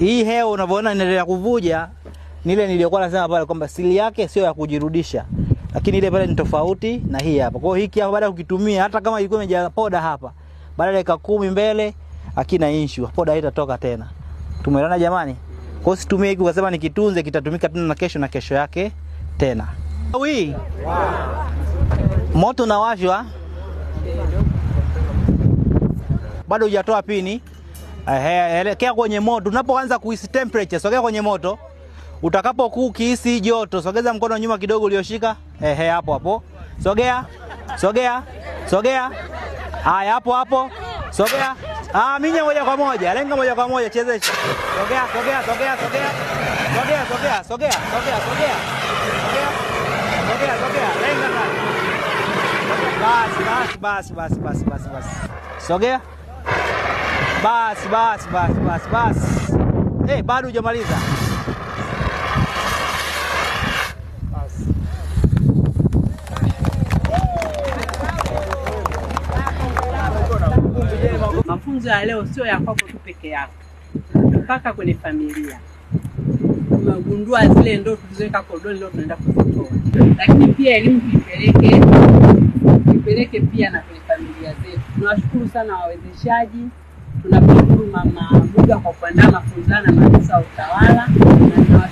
Hii hewa unavyoona inaendelea kuvuja ni ile niliyokuwa nasema pale kwamba sili yake sio ya kujirudisha, lakini ile pale ni tofauti na hii hapa. Kwa hiki hapa baada ya kukitumia, hata kama ilikuwa imejaa poda hapa, baada ya dakika kumi mbele hakina issue, poda haitatoka tena. Tumeelewana jamani? Kwa hiyo situmie hiki ukasema nikitunze kitatumika tena na kesho na kesho yake tena. Wi. Moto unawashwa. Bado hujatoa pini. Ehe, eh, elekea kwenye moto. Unapoanza kuhisi temperature, sogea kwenye moto. Utakapokuwa ukihisi joto, sogeza mkono nyuma kidogo ulioshika. Ehe, eh, hapo hapo. Sogea. Sogea. Sogea. Haya, hapo hapo. Sogea. Ah, minye moja kwa moja. Lenga moja kwa moja, chezesha. Sogea, sogea, sogea, sogea. Sogea, sogea, sogea, sogea, sogea. Sogea, sogea, sogea. lenga ndani. Basi, basi, basi, basi, basi, basi. Sogea. Basi basi basi basi basi. Eh, bado hujamaliza. Mafunzo ya leo sio ya kwako tu peke yako, mpaka kwenye familia. Tumegundua zile ndoo tulizoweka korodoni leo tunaenda kuzitoa, lakini pia elimu tuipeleke, tuipeleke pia na kwenye familia zetu. Tunawashukuru sana wawezeshaji tunashukuru Mama Vuga kwa kuandaa mafunzo na maafisa wa utawala na